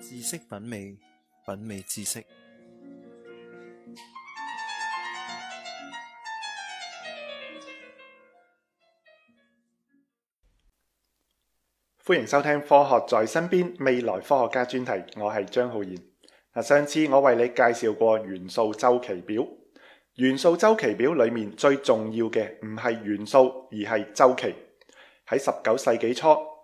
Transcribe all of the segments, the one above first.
知識品味，品味知識。歡迎收聽《科學在身邊》未來科學家專題，我係張浩然。嗱，上次我為你介紹過元素周期表，元素周期表裏面最重要嘅唔係元素，而係周期。喺十九世紀初。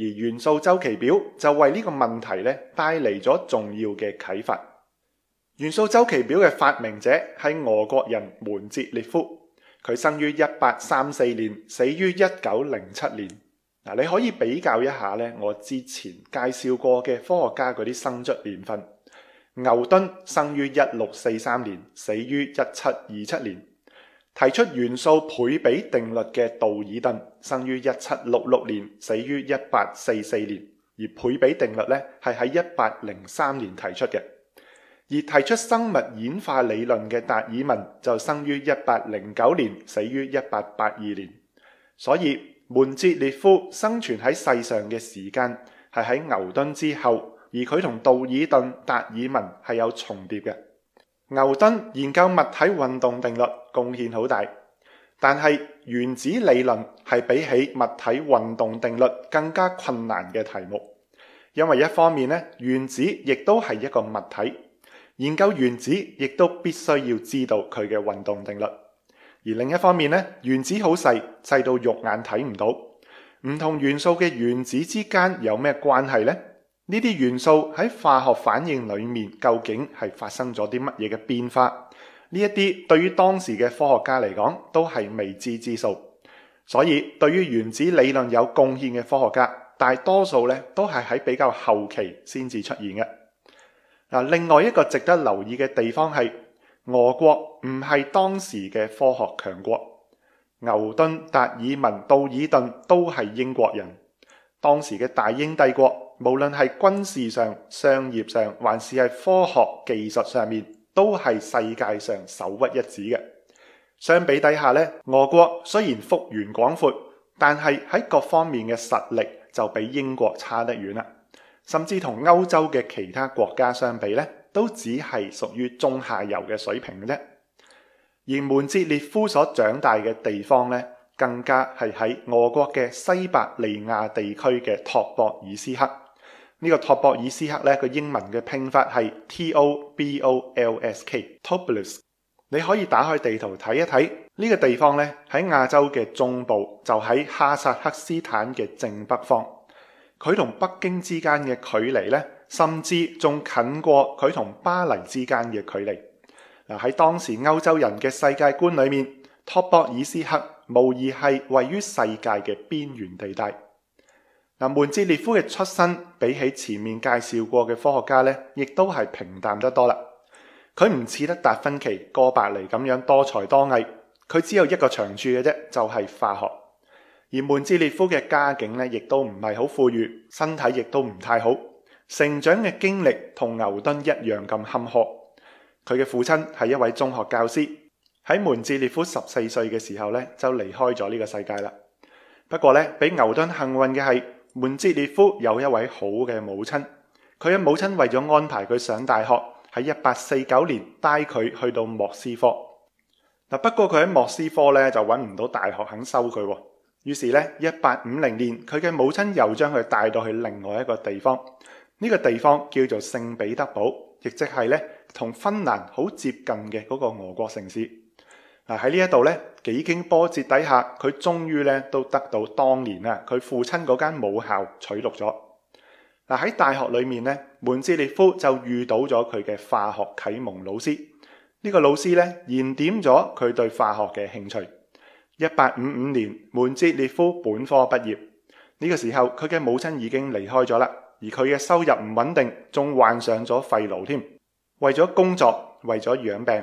而元素周期表就為呢個問題咧帶嚟咗重要嘅啟發。元素周期表嘅發明者係俄國人門捷列夫，佢生於一八三四年，死於一九零七年。嗱，你可以比較一下咧，我之前介紹過嘅科學家嗰啲生卒年份，牛頓生於一六四三年，死於一七二七年。提出元素倍比定律嘅道爾頓，生於一七六六年，死於一八四四年。而倍比定律咧，係喺一八零三年提出嘅。而提出生物演化理論嘅達爾文，就生於一八零九年，死於一八八二年。所以門捷列夫生存喺世上嘅時間係喺牛頓之後，而佢同道爾頓、達爾文係有重疊嘅。牛頓研究物體運動定律貢獻好大，但係原子理論係比起物體運動定律更加困難嘅題目，因為一方面呢，原子亦都係一個物體，研究原子亦都必須要知道佢嘅運動定律；而另一方面呢，原子好細，細到肉眼睇唔到，唔同元素嘅原子之間有咩關係呢？呢啲元素喺化學反應裡面究竟係發生咗啲乜嘢嘅變化？呢一啲對於當時嘅科學家嚟講都係未知之數，所以對於原子理論有貢獻嘅科學家，大多數呢都係喺比較後期先至出現嘅。嗱，另外一個值得留意嘅地方係俄國唔係當時嘅科學強國，牛頓、達爾文、道爾頓都係英國人，當時嘅大英帝國，無論係軍事上、商業上，還是係科學技術上面，都係世界上首屈一指嘅。相比底下咧，俄國雖然幅員廣闊，但係喺各方面嘅實力就比英國差得遠啦。甚至同歐洲嘅其他國家相比咧，都只係屬於中下游嘅水平嘅啫。而門捷列夫所長大嘅地方咧，更加係喺俄國嘅西伯利亞地區嘅托博爾斯克。呢個托博爾斯克咧，佢英文嘅拼法係 T O B O L S K，Tobolsk。你可以打開地圖睇一睇，呢、這個地方咧，喺亞洲嘅中部，就喺哈薩克斯坦嘅正北方。佢同北京之間嘅距離咧，甚至仲近過佢同巴黎之間嘅距離。嗱，喺當時歐洲人嘅世界觀裏面，托博爾斯克無疑係位於世界嘅邊緣地帶。嗱，門捷列夫嘅出身比起前面介紹過嘅科學家呢，亦都係平淡得多啦。佢唔似得達芬奇、哥白尼咁樣多才多藝，佢只有一個長處嘅啫，就係化學。而門捷列夫嘅家境呢，亦都唔係好富裕，身體亦都唔太好。成長嘅經歷同牛頓一樣咁坎坷。佢嘅父親係一位中學教師，喺門捷列夫十四歲嘅時候呢，就離開咗呢個世界啦。不過呢，比牛頓幸運嘅係。門捷列夫有一位好嘅母親，佢嘅母親為咗安排佢上大學，喺一八四九年帶佢去到莫斯科。嗱，不過佢喺莫斯科咧就揾唔到大學肯收佢，於是咧一八五零年佢嘅母親又將佢帶到去另外一個地方，呢個地方叫做聖彼得堡，亦即係咧同芬蘭好接近嘅嗰個俄國城市。喺呢一度呢，幾經波折底下，佢終於咧都得到當年啊佢父親嗰間母校取錄咗。嗱，喺大學裡面呢，門捷列夫就遇到咗佢嘅化學啟蒙老師，呢個老師呢，燃點咗佢對化學嘅興趣。一八五五年，門捷列夫本科畢業。呢個時候佢嘅母親已經離開咗啦，而佢嘅收入唔穩定，仲患上咗肺癆添。為咗工作，為咗養病。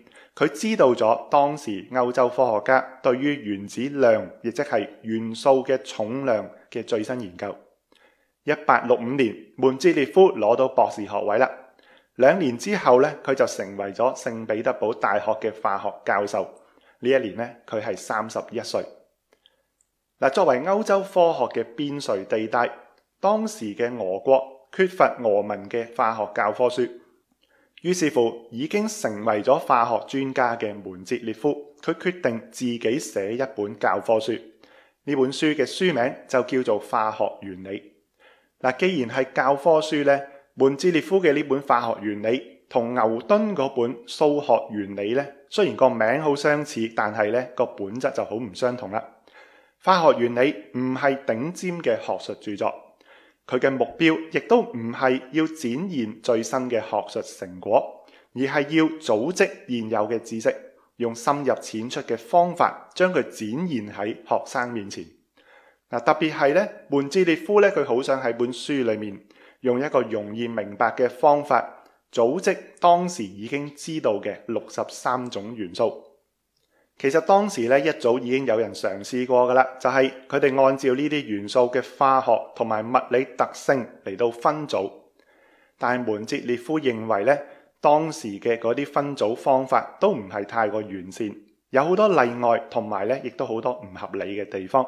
佢知道咗當時歐洲科學家對於原子量，亦即係元素嘅重量嘅最新研究。一八六五年，門捷列夫攞到博士學位啦。兩年之後咧，佢就成為咗聖彼得堡大學嘅化學教授。呢一年呢，佢係三十一歲。嗱，作為歐洲科學嘅邊陲地帶，當時嘅俄國缺乏俄文嘅化學教科書。於是乎，已經成為咗化學專家嘅門捷列夫，佢決定自己寫一本教科書。呢本書嘅書名就叫做《化學原理》。嗱，既然係教科書咧，門捷列夫嘅呢本《化學原理》同牛頓嗰本《數學原理》咧，雖然個名好相似，但係咧個本質就好唔相同啦。化學原理唔係頂尖嘅學術著作。佢嘅目標亦都唔係要展現最新嘅學術成果，而係要組織現有嘅知識，用深入淺出嘅方法將佢展現喺學生面前。嗱，特別係咧，門捷列夫咧，佢好想喺本書裏面用一個容易明白嘅方法，組織當時已經知道嘅六十三種元素。其實當時咧一早已經有人嘗試過噶啦，就係佢哋按照呢啲元素嘅化學同埋物理特性嚟到分組。但係門捷列夫認為咧，當時嘅嗰啲分組方法都唔係太過完善，有好多例外同埋咧，亦都好多唔合理嘅地方。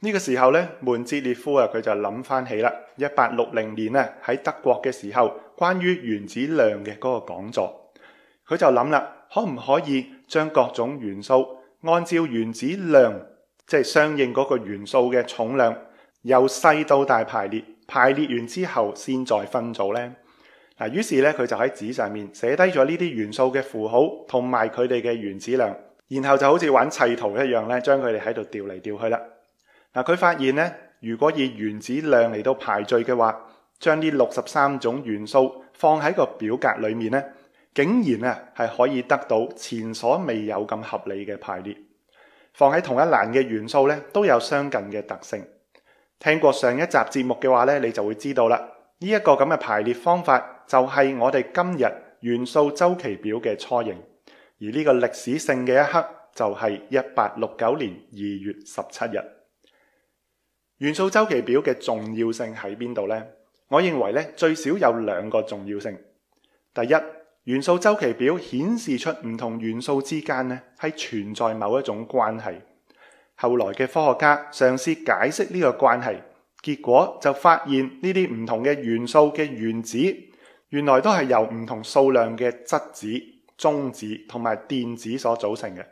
呢個時候咧，門捷列夫啊，佢就諗翻起啦，一八六零年啊喺德國嘅時候，關於原子量嘅嗰個講座，佢就諗啦，可唔可以，將各種元素按照原子量，即係相應嗰個元素嘅重量由細到大排列，排列完之後先再分組呢？嗱，於是咧佢就喺紙上面寫低咗呢啲元素嘅符號同埋佢哋嘅原子量，然後就好似玩砌圖一樣咧，將佢哋喺度調嚟調去啦。嗱，佢發現呢，如果以原子量嚟到排序嘅話，將呢六十三種元素放喺個表格裏面呢，竟然咧係可以得到前所未有咁合理嘅排列，放喺同一欄嘅元素咧都有相近嘅特性。聽過上一集節目嘅話咧，你就會知道啦。呢、這、一個咁嘅排列方法就係我哋今日元素周期表嘅雛形，而呢個歷史性嘅一刻就係一八六九年二月十七日。元素周期表嘅重要性喺邊度呢？我認為咧最少有兩個重要性，第一。元素周期表顯示出唔同元素之間呢，係存在某一種關係。後來嘅科學家嘗試解釋呢個關係，結果就發現呢啲唔同嘅元素嘅原子原來都係由唔同數量嘅質子、中子同埋電子所組成嘅。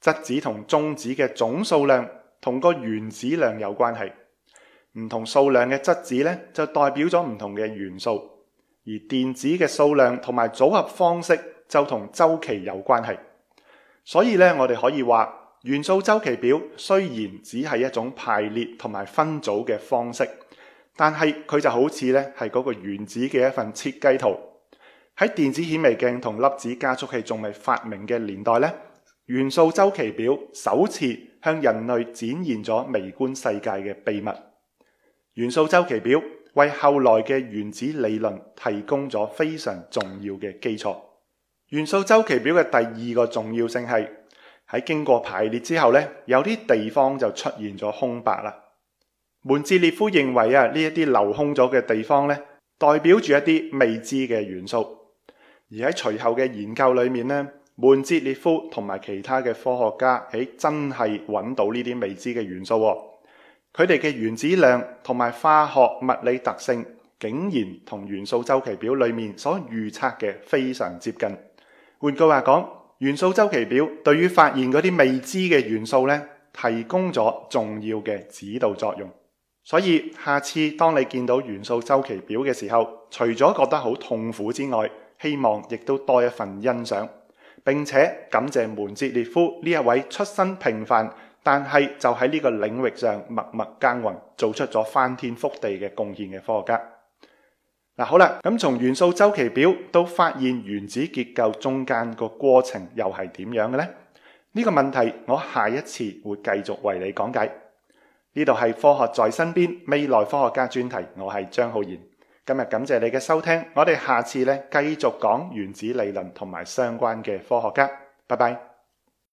質子同中子嘅總數量同個原子量有關係，唔同數量嘅質子呢，就代表咗唔同嘅元素。而電子嘅數量同埋組合方式就同周期有關係，所以咧，我哋可以話元素周期表雖然只係一種排列同埋分組嘅方式，但係佢就好似咧係嗰個原子嘅一份設計圖。喺電子顯微鏡同粒子加速器仲未發明嘅年代咧，元素周期表首次向人類展現咗微觀世界嘅秘密。元素周期表，為後來嘅原子理論提供咗非常重要嘅基礎。元素周期表嘅第二個重要性係喺經過排列之後咧，有啲地方就出現咗空白啦。門捷列夫認為啊，呢一啲留空咗嘅地方咧，代表住一啲未知嘅元素。而喺隨後嘅研究裏面咧，門捷列夫同埋其他嘅科學家喺真係揾到呢啲未知嘅元素。佢哋嘅原子量同埋化學物理特性，竟然同元素周期表裏面所預測嘅非常接近。換句話講，元素周期表對於發現嗰啲未知嘅元素咧，提供咗重要嘅指導作用。所以下次當你見到元素周期表嘅時候，除咗覺得好痛苦之外，希望亦都多一份欣賞，並且感謝門捷列夫呢一位出身平凡，但係就喺呢個領域上默默耕耘，做出咗翻天覆地嘅貢獻嘅科學家。嗱，好啦，咁從元素週期表到發現原子結構中間個過程又係點樣嘅呢？呢個問題我下一次會繼續為你講解。呢度係科學在身邊未來科學家專題，我係張浩然。今日感謝你嘅收聽，我哋下次咧繼續講原子理論同埋相關嘅科學家。拜拜。